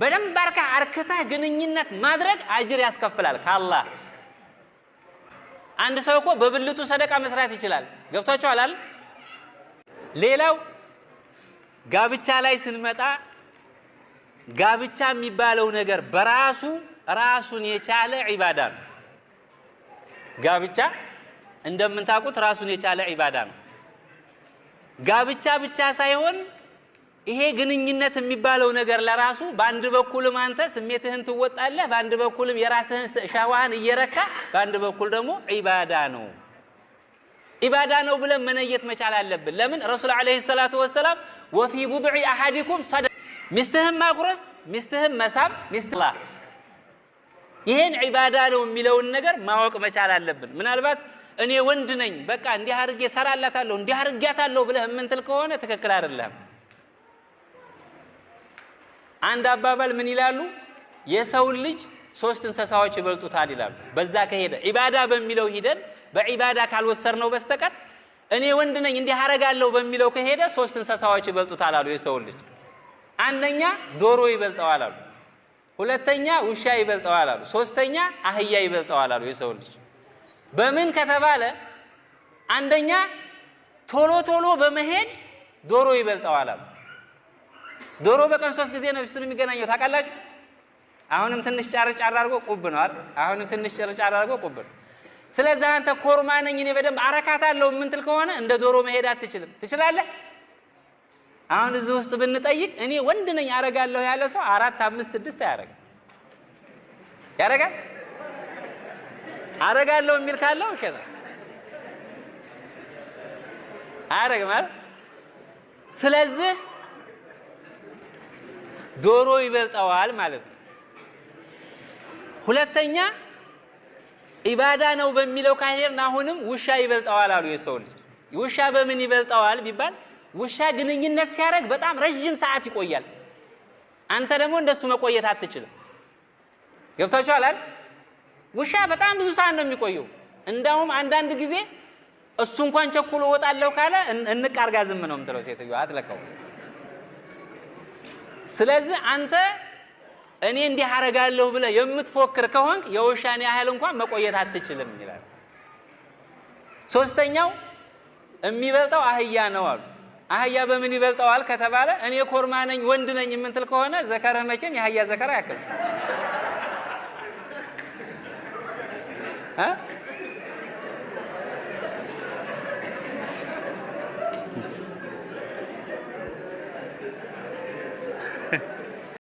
በደንብ አርካ አርክታህ ግንኙነት ማድረግ አጅር ያስከፍላል ካላህ። አንድ ሰው እኮ በብልቱ ሰደቃ መስራት ይችላል። ገብቷችኋል አይደል? ሌላው ጋብቻ ላይ ስንመጣ ጋብቻ የሚባለው ነገር በራሱ ራሱን የቻለ ዒባዳ ነው። ጋብቻ እንደምንታውቁት ራሱን የቻለ ዒባዳ ነው። ጋብቻ ብቻ ሳይሆን ይሄ ግንኙነት የሚባለው ነገር ለራሱ በአንድ በኩልም አንተ ስሜትህን ትወጣለህ፣ በአንድ በኩልም የራስህን ሻዋህን እየረካ፣ በአንድ በኩል ደግሞ ዒባዳ ነው ዒባዳ ነው ብለን መነየት መቻል አለብን። ለምን ረሱል ዓለይሂ ሰላቱ ወሰላም ወፊ ቡድዒ አሐዲኩም ሰደ ሚስትህም ማጉረስ፣ ሚስትህም መሳም፣ ሚስት ይህን ዒባዳ ነው የሚለውን ነገር ማወቅ መቻል አለብን። ምናልባት እኔ ወንድ ነኝ በቃ እንዲህ አድርጌ ሰራላታለሁ እንዲህ አድርጊያታለሁ ብለህ የምንትል ከሆነ ትክክል አይደለም። አንድ አባባል ምን ይላሉ? የሰውን ልጅ ሶስት እንስሳዎች ይበልጡታል ይላሉ። በዛ ከሄደ ኢባዳ በሚለው ሂደን በኢባዳ ካልወሰር ነው በስተቀር እኔ ወንድ ነኝ እንዲህ አረጋለሁ በሚለው ከሄደ ሶስት እንስሳዎች ይበልጡታል አሉ የሰውን ልጅ። አንደኛ ዶሮ ይበልጠዋል አሉ፣ ሁለተኛ ውሻ ይበልጠዋል አሉ፣ ሶስተኛ አህያ ይበልጠዋል አሉ የሰውን ልጅ። በምን ከተባለ አንደኛ ቶሎ ቶሎ በመሄድ ዶሮ ይበልጠዋል አሉ። ዶሮ በቀን ሶስት ጊዜ ነው ፊቱን የሚገናኘው ታውቃላችሁ። አሁንም ትንሽ ጫር ጫር አድርጎ ቁብ ነው አይደል? አሁንም ትንሽ ጫር ጫር አድርጎ ቁብ ነው። ስለዚህ አንተ ኮርማ ነኝ እኔ በደንብ አረካታለሁ ምንትል ከሆነ እንደ ዶሮ መሄድ አትችልም። ትችላለህ? አሁን እዚህ ውስጥ ብንጠይቅ እኔ ወንድ ነኝ አረጋለሁ ያለ ሰው አራት፣ አምስት፣ ስድስት አያረግም። ያረጋል አረጋለሁ የሚል ካለው ውሸት አያረግም። ስለዚህ ዶሮ ይበልጠዋል ማለት ነው። ሁለተኛ ኢባዳ ነው በሚለው ካሄር አሁንም ውሻ ይበልጠዋል አሉ። የሰው ልጅ ውሻ በምን ይበልጠዋል ቢባል ውሻ ግንኙነት ሲያደርግ በጣም ረዥም ሰዓት ይቆያል። አንተ ደግሞ እንደሱ መቆየት አትችልም። ገብታችኋል ውሻ በጣም ብዙ ሰዓት ነው የሚቆየው። እንዳውም አንዳንድ ጊዜ እሱ እንኳን ቸኩሎ ወጣለሁ ካለ እንቃርጋ ዝም ነው የምትለው ሴትዮዋ አትለቀው። ስለዚህ አንተ እኔ እንዲህ አረጋለሁ ብለህ የምትፎክር ከሆንክ የውሻን ያህል እንኳን መቆየት አትችልም ይላል። ሶስተኛው የሚበልጠው አህያ ነው አሉ። አህያ በምን ይበልጠዋል ከተባለ እኔ ኮርማ ነኝ ወንድ ነኝ የምትል ከሆነ ዘከረህ መቼም የአህያ ዘከራ ያክል